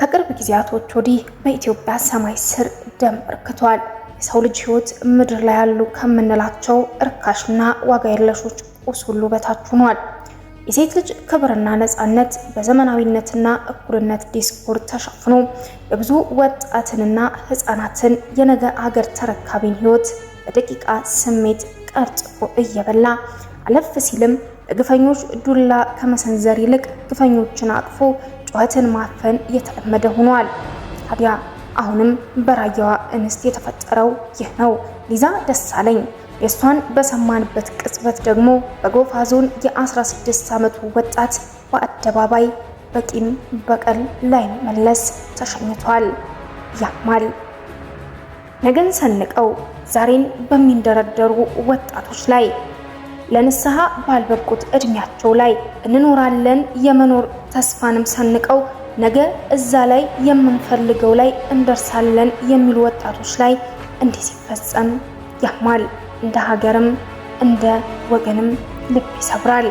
ከቅርብ ጊዜያቶች ወዲህ በኢትዮጵያ ሰማይ ስር ደም እርክቷል። የሰው ልጅ ሕይወት ምድር ላይ ያሉ ከምንላቸው እርካሽና ዋጋ የለሾች ቁስ ሁሉ በታች ሆኗል። የሴት ልጅ ክብርና ነፃነት በዘመናዊነትና እኩልነት ዲስኮር ተሸፍኖ የብዙ ወጣትንና ህፃናትን የነገ አገር ተረካቢን ሕይወት በደቂቃ ስሜት ቀርጽፎ እየበላ አለፍ ሲልም ለግፈኞች ዱላ ከመሰንዘር ይልቅ ግፈኞችን አቅፎ ጩኸትን ማፈን የተለመደ ሆኗል። ታዲያ አሁንም በራያዋ እንስት የተፈጠረው ይህ ነው። ሊዛ ደሳለኝ የእሷን በሰማንበት ቅጽበት ደግሞ በጎፋ ዞን የ16 ዓመቱ ወጣት በአደባባይ በቂም በቀል ላይ መለስ ተሸኝቷል። ያማል። ነገን ሰንቀው ዛሬን በሚንደረደሩ ወጣቶች ላይ ለንስሐ ባልበቁት እድሜያቸው ላይ እንኖራለን የመኖር ተስፋንም ሰንቀው ነገ እዛ ላይ የምንፈልገው ላይ እንደርሳለን የሚሉ ወጣቶች ላይ እንዲህ ሲፈጸም ያማል። እንደ ሀገርም እንደ ወገንም ልብ ይሰብራል።